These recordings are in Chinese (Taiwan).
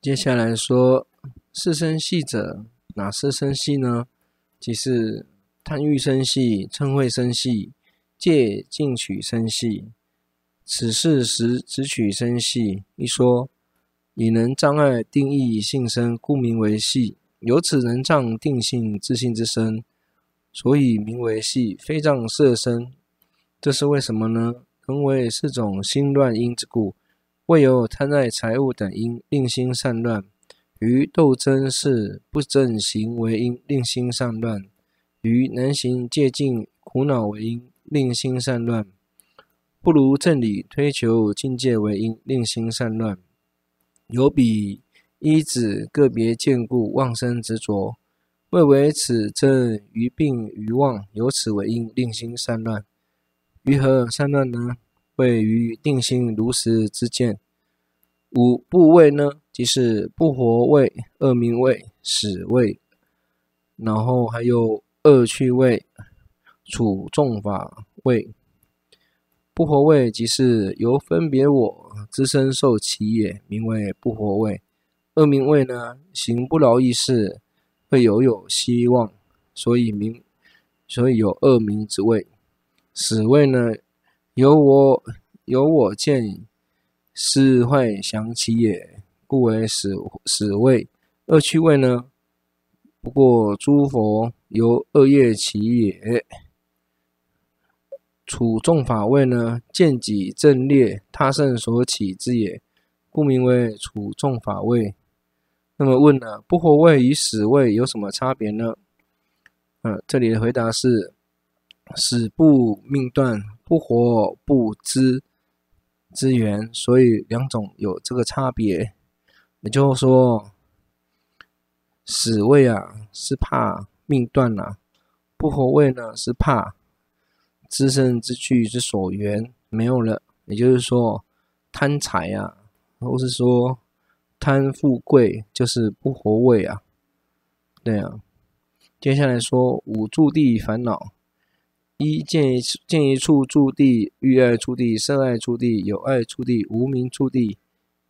接下來說，四身繫者，哪四身繫呢？即是貪欲身繫、瞋恚身繫、戒禁取身繫、此實執取身繫。一說，以能障礙定意性身，故名為繫。由此能障定性自性之身，所以名為繫，非障色身。這是為什麼呢？同為四種心亂因之故。未有貪愛財物等因，令心散亂；於鬥爭是不正行為因，令心散亂；於難行戒禁苦惱為因，令心散亂；不如正理推求境界為因，令心散亂。有彼依止個別見故妄生執着，未為此正於病於妄，由此為因，令心散亂。於何善散亂呢？位於定心如實之間，五怖畏呢，即是不活畏、惡名畏、死畏，然後還有惡趣畏、處眾法畏。不活畏即是由分別我之身受其也，名為不活畏。惡名畏呢，行不饒益事，會猶有，有希望，所以名，所以有惡名之畏。死畏呢？由我由我見，是會想起也，故為死死位。惡趣位呢？不過諸佛由惡業起也，處眾法位呢？見己正劣，他勝所起之也，故名為處眾法位。那麼問呢、啊？不活位與死位有什麼差別呢？嗯、呃，這裡的回答是：死不命斷。不活不知之源，所以兩種有這個差別。也就是說，死位啊是怕命斷了、啊，不活位呢是怕資生之具之所緣沒有了。也就是說，貪財啊，或是說貪富貴，就是不活位啊。對啊，接下來說五住地煩惱。一見一見一處住地，欲愛住地、色愛住地、有愛住地、無明住地。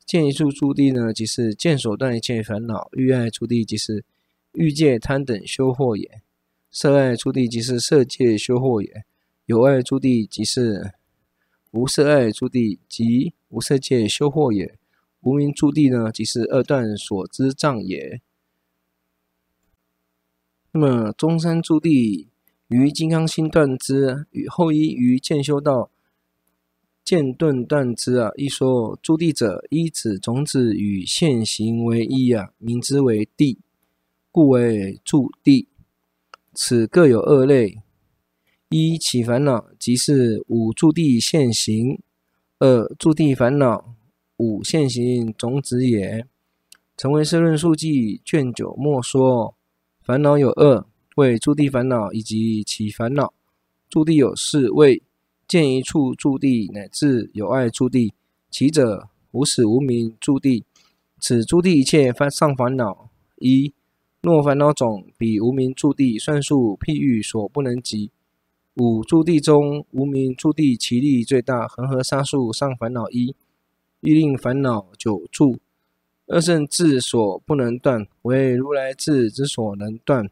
見一處住地呢，即是見所斷一切煩惱；欲愛住地，即是欲界貪等修惑也；色愛住地，即是色界修惑也；有愛住地，即是無色愛住地，即無色界修惑也；無明住地呢，即是二斷所知障也。那麼，中山住地。於金剛心斷之，與後依於見修道漸頓斷之啊！一說住地者，一指種子與現行為一啊，名之為地，故為住地。此各有二類：一起煩惱，即是五住地現行；二住地煩惱，五現行種子也。《成唯識論述記》卷九末說：煩惱有二。為住地煩惱以及其煩惱，住地有四為見一處住地乃至有愛住地，其者無始無明住地，此住地一切上煩惱一，若煩惱種比無明住地算數譬喻所不能及。五住地中無明住地其力最大，恆河沙數上煩惱一，欲令煩惱久住，二聖智所不能斷，唯如來智之所能斷。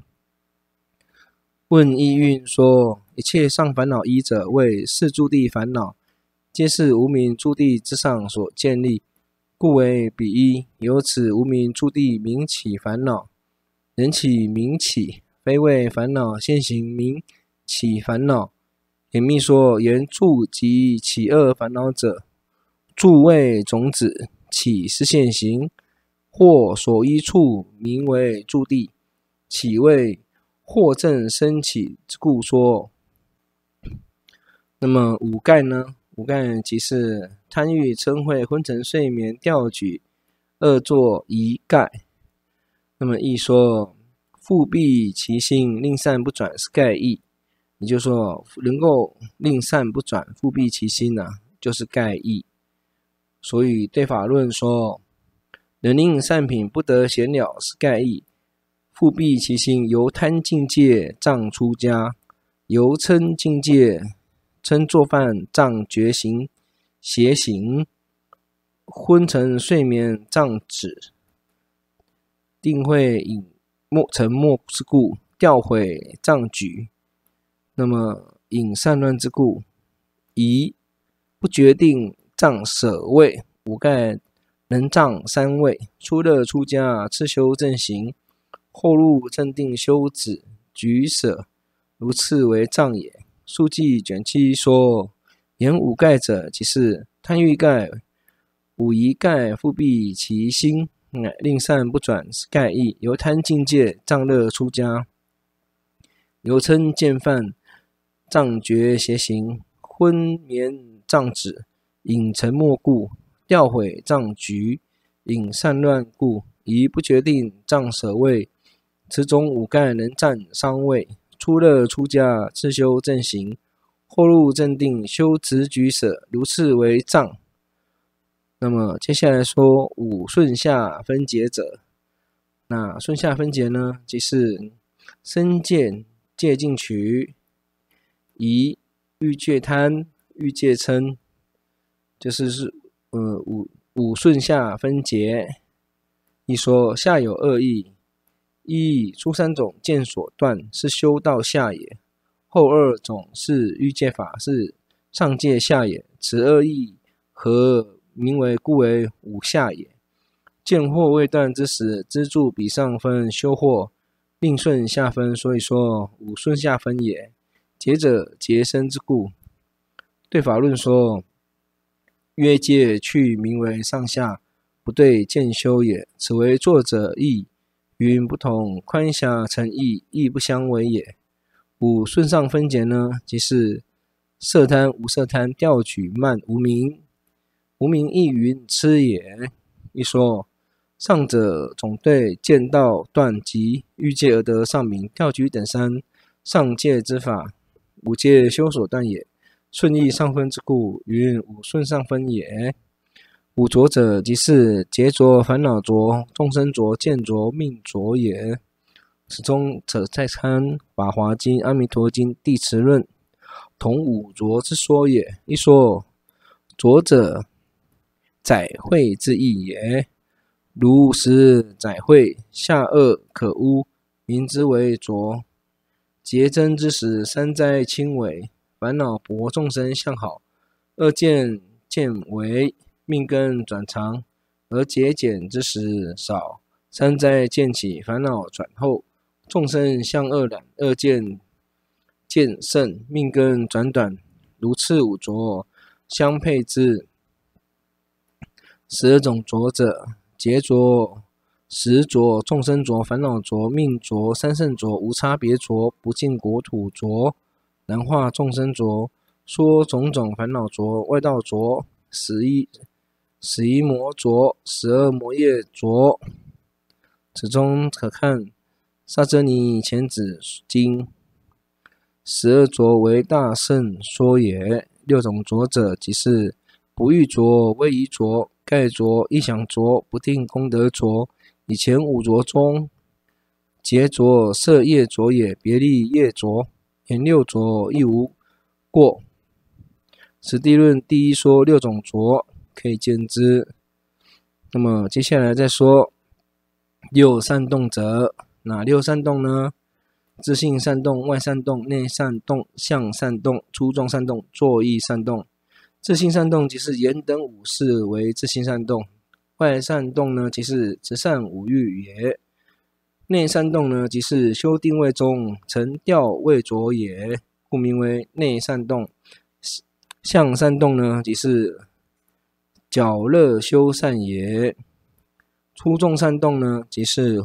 問意蘊說：一切上煩惱依者，為四住地煩惱，皆是無明住地之上所建立，故為彼依。由此無明住地名起煩惱，人起名起，非謂煩惱現行名起煩惱。隱密說：言住即起惡煩惱者，住為種子，起是現行，或所依處名為住地，起為。惑正生起之故說，那麼五蓋呢？五蓋即是貪欲、嗔恚、昏沉、睡眠、掉舉，二作一蓋。那麼一說覆蔽其心，令善不轉是蓋意。你就說能夠令善不轉，覆蔽其心呢、啊，就是蓋意。所以《對法論》說，能令善品不得閒了是蓋意。復辟其心，由貪境界障出家，由嗔境界，嗔做飯障覺行邪行，昏沉睡眠障止，定會隱沉沒，沒之故，調毀障舉，那麼隱散亂之故，疑不決定障捨位，五蓋能障三味，出樂出家，次修正行。後入正定修止，舉舍如次為障也。述記卷七說：言五蓋者，即是貪欲蓋、五疑蓋、覆蔽其心，乃令善不轉是蓋意，由貪境界障樂出家，由稱見犯障覺邪行昏眠障止，引沉沒故掉毀障舉，引散亂故疑不決定障舍位。此種五蓋能障三昧，初入出家自修正行，後入正定修持舉捨，如次為障。那麼接下來說五順下分解者，那順下分解呢，即是身見戒禁取、疑、欲界貪、欲界嗔，就是是，呃，五五順下分解。一說下有惡意。一、初三種見所斷是修道下也，後二種是欲界法，是上界下也。此二義何名為故為五下也。見惑未斷之時，資助彼上分修惑並順下分，所以說五順下分也。結者結生之故。對法論說，約界去名為上下，不對見修也。此為作者意。云不同，寬狹成異，亦不相違也。五順上分結呢，即是色貪無色貪、掉舉、慢、無明，無明亦云痴也。一說上者，總對見道斷及欲界而得上名，掉舉等三上界之法，五界修所斷也。順義上分之故，云五順上分也。五濁者，即是劫濁、煩惱濁、眾生濁、見濁、命濁也。此中者，在參《法華經》《阿彌陀經》《地持論》，同五濁之說也。一說濁者，載穢之意也。如實載穢，下惡可污，名之為濁。劫增之時，三災輕微，煩惱薄，眾生向好，惡見見為。命根轉長，而節儉之時少；三災漸起，煩惱轉厚，眾生向惡染，惡見漸盛，命根轉短，如次五濁相配之十二種濁者：劫濁、時濁、眾生濁、煩惱濁、命濁、三聖濁、無差別濁、不盡國土濁、難化眾生濁、說種種煩惱濁、外道濁、十一。十一魔濁，十二魔業濁，此中可看薩遮尼乾子經。十二濁為大聖說也。六種濁者，即是不欲濁、威儀濁、蓋濁、一想濁、不定功德濁。以前五濁中，劫濁、色業濁也、別利業濁。前六濁亦無過。十地論第一說六種濁。可以見之，那麼接下來再說六散動者，哪六散動呢？自性散動、外散動、內散動、相散動、粗重散動、作意散動。自性散動，即是眼等五識為自性散動；外散動呢，即是慈善五欲也；內散動呢，即是修定位中沈掉味著也，故名為內散動。相散動呢，即是。矯樂修善也。初眾善動呢，即是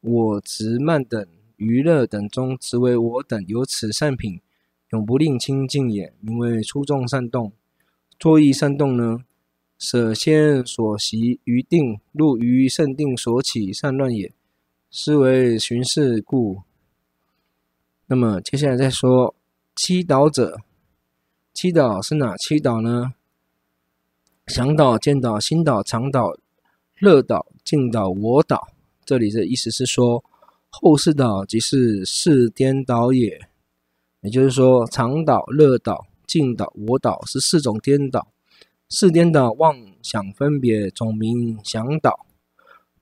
我執慢等於樂等中，執為我等有此善品，永不令清淨也。名為出眾善動，作意善動呢，捨先所習於定，入於勝定所起善亂也，是為尋事故。那麼接下來再說七倒者，七倒是哪七倒呢？想倒、見倒、心倒、常倒、樂倒、淨倒、我倒，這裡的意思是說，後四倒即是四顛倒也。也就是說，常倒、樂倒、淨倒、我倒是四種顛倒，四顛倒妄想分別，總名想倒。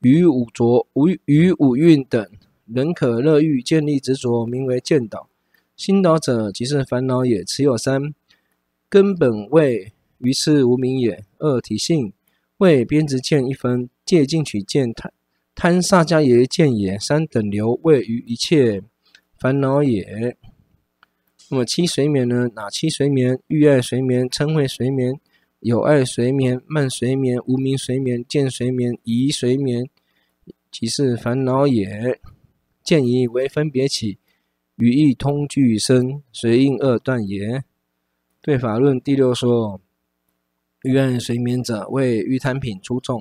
與五濁、與五蘊等，人可樂欲建立執着，名為見倒。心倒者，即是煩惱也。持有三根本位。於是無明也。二體性為邊執見一分，戒禁取見貪貪薩迦耶見也。三等流為於一切煩惱也。那麼七隨眠呢？哪七隨眠？欲愛隨眠、瞋恚隨眠、有愛隨眠、慢隨眠、無明隨眠、見隨眠、疑隨眠，即是煩惱也。見疑為分別起，與義通俱生，隨應二斷也。對法論第六說。欲愛隨眠者，為欲貪品出眾；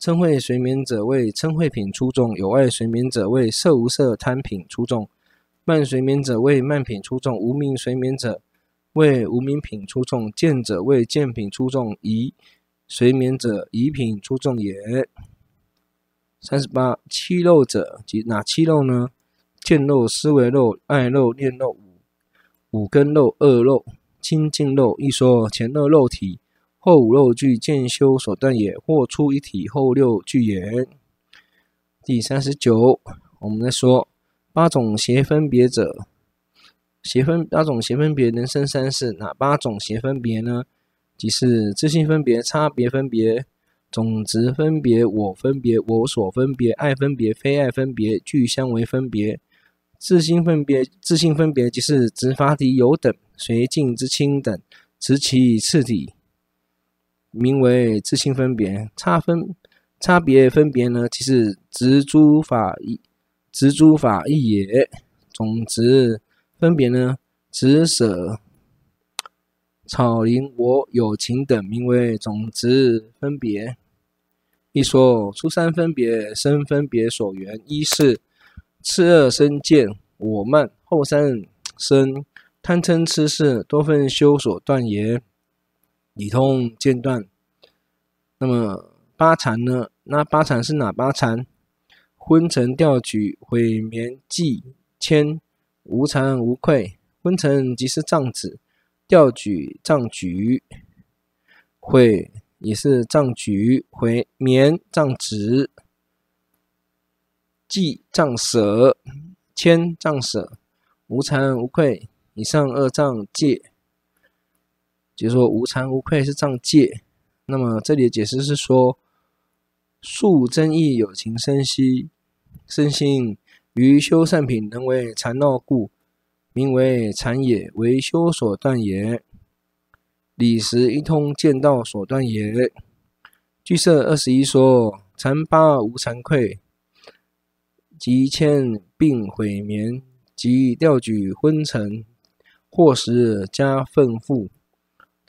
嗔恚隨眠者，為嗔恚品出眾；有愛隨眠者，為色無色貪品出眾；慢隨眠者，為慢品出眾；無明隨眠者，為無明品出眾；見者為見品出眾；疑隨眠者，疑品出眾也。三十八七漏者，即哪七漏呢？見漏、思維漏、愛漏、念漏、五五根漏、二漏、清淨漏，一說前二漏體。後五六句見修所斷也，或出一體後六句也。第三十九，我們來說八種邪分別者，邪分八種邪分別能生三世，哪八種邪分別呢？即是自性分別、差別分別、總執分別、我分別、我所分別、愛分別、非愛分別、俱相違分別。自性分別，自性分別即是執法體有等隨境之清等執其次體。名為自性分別差分差別分別呢，即是執諸法一執諸法一也，總執分別呢，執舍草林我有情等名為總執分別。一說初三分別生分別所緣，一是次二生見我慢；後三生貪嗔痴是多分修所斷也。理通間斷那麼八纏呢？那八纏是哪八纏？昏沉、掉舉、悔、眠、嫉、慳、無慚、無愧。昏沉即是障止，掉舉障舉，悔也是障舉，悔眠障止，嫉障，障捨，慳障捨，無慚無愧以上二障戒。戒就說無慚無愧是障戒，那麼這裡的解釋是說，數增益有情身心，身心於修善品能為纏繞故，名為纏也，為修所斷也，理實一通，見道所斷也。俱舍二十一說，纏八無慚愧，慳嫉並悔眠，及掉舉昏沉，或時加忿覆。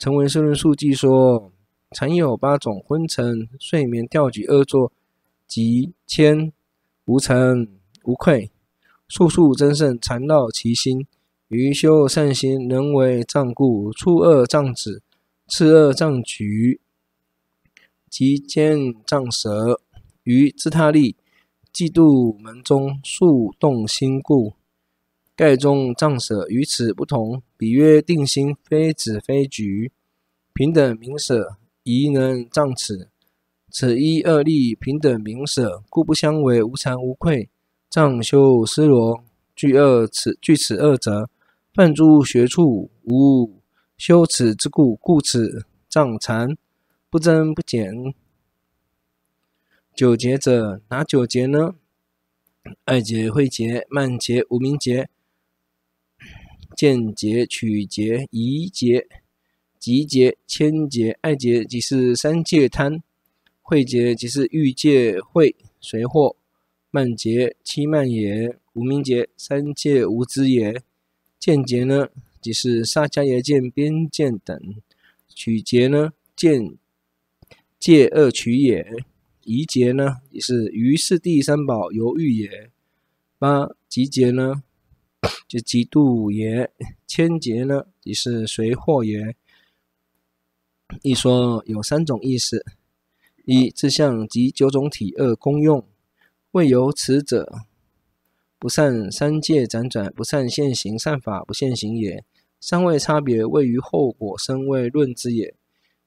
成文唯識論述記說：纏有八種，昏沉、睡眠、掉舉、惡作，及慳、無慚、無愧、數數增盛纏繞其心，於修善心，能為障故，初二障止，次二障舉，及慳障捨，於自他利、嫉妒、門中數動心故。蓋中障捨與此不同，彼約定心，非子非舉，平等名捨，宜能障此。此一惡立，平等名捨，故不相違，無慚無愧，障修屍羅。具惡此，具此二者，犯諸學處，無羞恥之故，故此障禪，不增不減。九結者，哪九結呢？愛結、恚結、慢結、無明結。見劫、取劫、疑劫、吉劫、千劫、愛劫，即是三界貪；慧劫即是欲界會隨惑；慢劫、欺慢也；無明劫，三界無知也；見劫呢，即是薩迦耶見邊見等；取劫呢，見戒惡取也；疑劫呢，也是於四諦三寶猶豫也；八集劫呢？就幾度也千劫呢？也是隨惑也？一說有三種意思：一、志向，即九種體；二、功用。未有此者，不善三界輾轉，不善現行善法，不現行也。三位差別，位於後果生位論之也。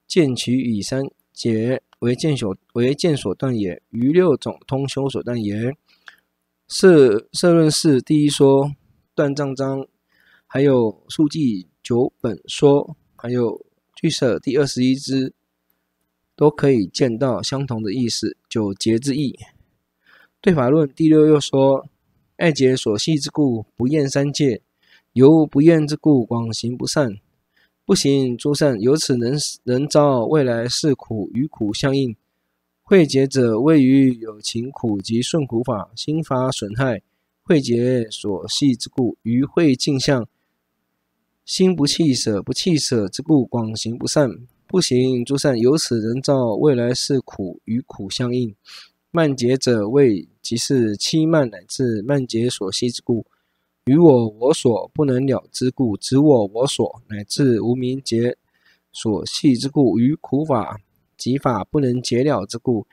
見取以三劫唯見所唯見所斷也，餘六種通修所斷也。四、攝論是第一說。斷憎章，還有述記九本說，還有俱舍第二十一支，都可以見到相同的意思。九結之義，對法論第六又說：愛結所繫之故，不厭三界；由不厭之故，廣行不善，不行諸善，由此能能招未來世苦，與苦相應。慧結者，謂於有情苦及順苦法心法損害。恚結所繫之故，於恚境相；心不棄捨，不棄捨之故，廣行不善，不行諸善。由此人造未來世苦，與苦相應。慢結者謂，即是七慢乃至慢結所繫之故；於我我所不能了之故，執我我所乃至無明結所繫之故，於苦法集法不能解了之故。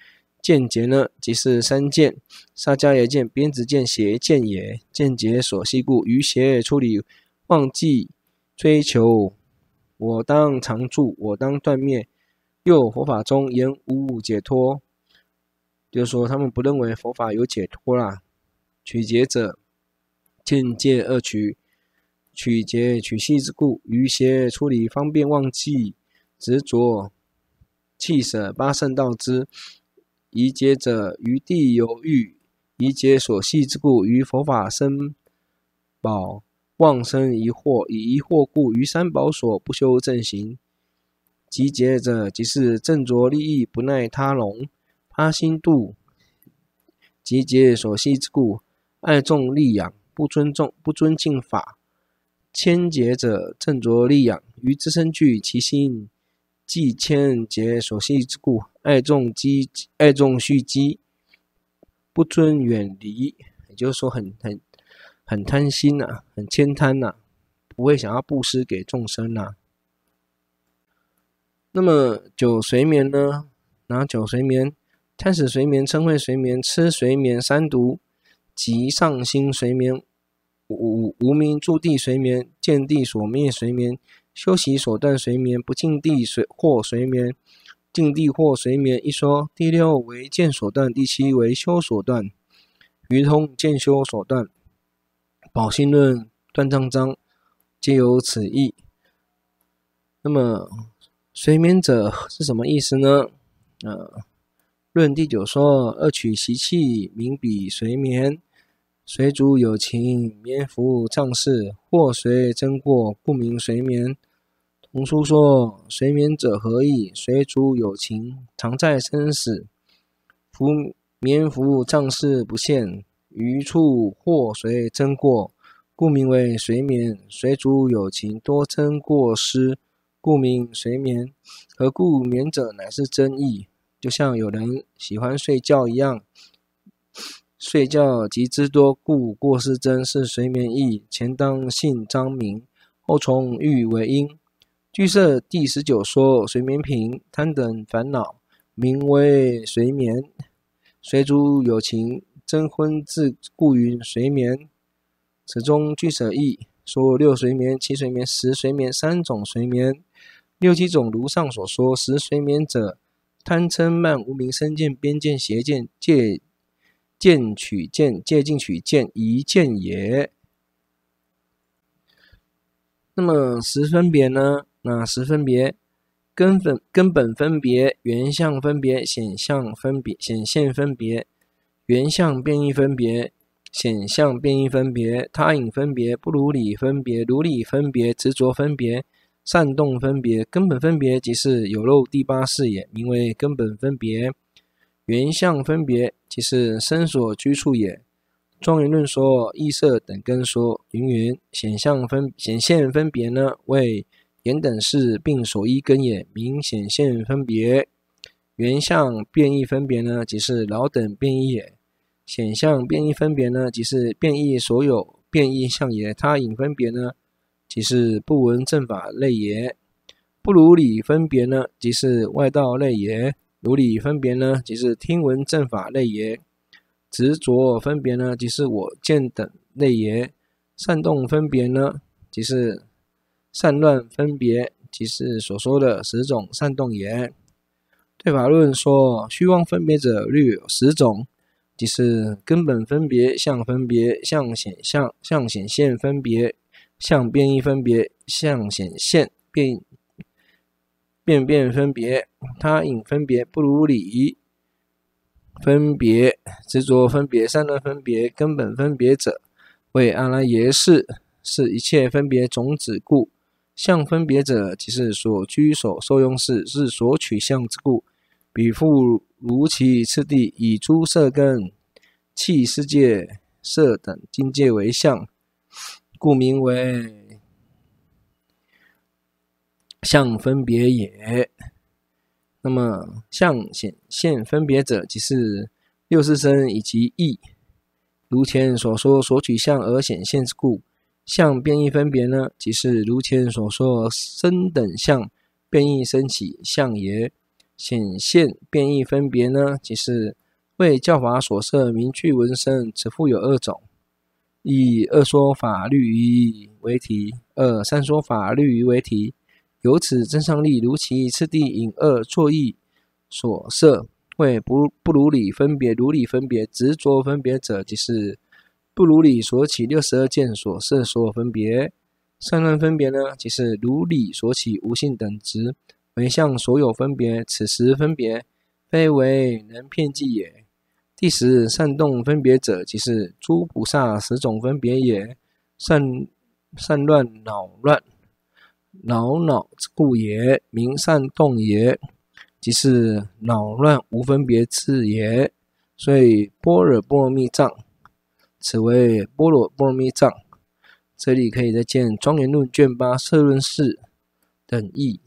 見結呢，即是三見：薩迦耶見、邊執見、邪見也。見結所繫故，於邪出離妄計追求，我當常住，我當斷滅，又佛法中言無解脫，就是說他們不認為佛法有解脫啦。取結者，見解二取，取結取繫之故，於邪出離方便妄計執著棄捨八聖道支。疑結者，於諦猶豫，疑結所繫之故；於佛法僧寶妄生疑惑，以疑惑故，於三寶所不修正行。嫉結者，即是正着利益，不耐他榮他心度；嫉結所繫之故，愛重利養，不尊重不尊敬法。慳結者，正着利養，於自身具其心，即慳結所繫之故。愛重積，愛重蓄積，不尊遠離，也就是說很，很很很貪心吶、啊，很慳貪吶、啊，不會想要布施給眾生吶、啊。那麼九隨眠呢？然後九隨眠，貪使隨眠、嗔恚隨眠、痴隨眠、三毒及上心隨眠、無無明住地隨眠、見地所滅隨眠、修習所斷隨眠、不淨地水惑隨眠。境地惑隨眠一說，第六為見所斷，第七為修所斷，餘通見修所斷，寶性論斷障章皆有此意。那麼隨眠者是什麼意思呢？呃，論第九說，二取習氣名彼隨眠，隨逐有情眠伏藏識，或隨增過故名隨眠。紅書說：“隨眠者何意？隨主有情，常在生死。浮眠服，藏識不現；餘處或隨增過，故名為隨眠。隨主有情多增過失，故名隨眠。何故眠者乃是真意？就像有人喜歡睡覺一樣，睡覺極之多，故過失增是隨眠意。前當姓張明，後從欲為因。”俱舍第十九說隨眠品貪等煩惱名為隨眠，隨逐有情增昏自故云隨眠。此中俱舍意說六隨眠、七隨眠、十隨眠三種隨眠。六七種如上所說，十隨眠者，貪嗔慢無明身見邊見邪見戒見取見戒禁取見一見也。那麼十分別呢？那十分別，根本根本分別，原相分別，顯相分別，顯現分別，原相變異分別，顯相變異分別，他影分別，不如理分別，如理分別，執着分別，善動分別，根本分別即是有漏第八識也，名為根本分別。原相分別即是身所居處也。莊嚴論說異色等根說云云。顯相分顯現分別呢為。言等是，並所依根也；名顯現分別，原相變異分別呢，即是老等變異也；顯相變異分別呢，即是變異所有變異相也。他引分別呢，即是不聞正法類也；不如理分別呢，即是外道類也；如理分別呢，即是聽聞正法類也；執着分別呢，即是我見等類也；善動分別呢，即是。散亂分別，即是所說的十種散動也。對法論說：虛妄分別者，略有十種，即是根本分別、相分別、相顯象，相顯現分別、相變異分別、相顯現變變變分別、他引分別、不如理分別、執着分別、散亂分別。根本分別者，為阿賴耶識，是一切分別種子故。相分別者，即是所居所受用事，是所取相之故。彼復如其次第，以諸色根、器世界、色等境界為相，故名為相分別也。那麼，相顯現分別者，即是六識身以及意，如前所說，所取相而顯現之故。相變異分別呢，即是如前所說生等相變異昇起相也。顯現變異分別呢，即是為教法所設名句文身，此復有二種：一二說法律儀為題，二三說法律儀為題。由此增上力，如其次第引二作意所設，為不不如理分別，如理分別。執着分別者，即是。不如理所起六十二見所攝所有分別，善亂分別呢？即是如理所起無性等值，每項所有分別，此時分別非為能騙計也。第十善動分別者，即是諸菩薩十種分別也。善善亂惱亂惱惱故也，名善動也，即是惱亂無分別次也。所以般若波羅蜜藏。此為波羅波羅蜜藏，這裡可以再見《莊嚴論》卷八、《攝論釋》等義。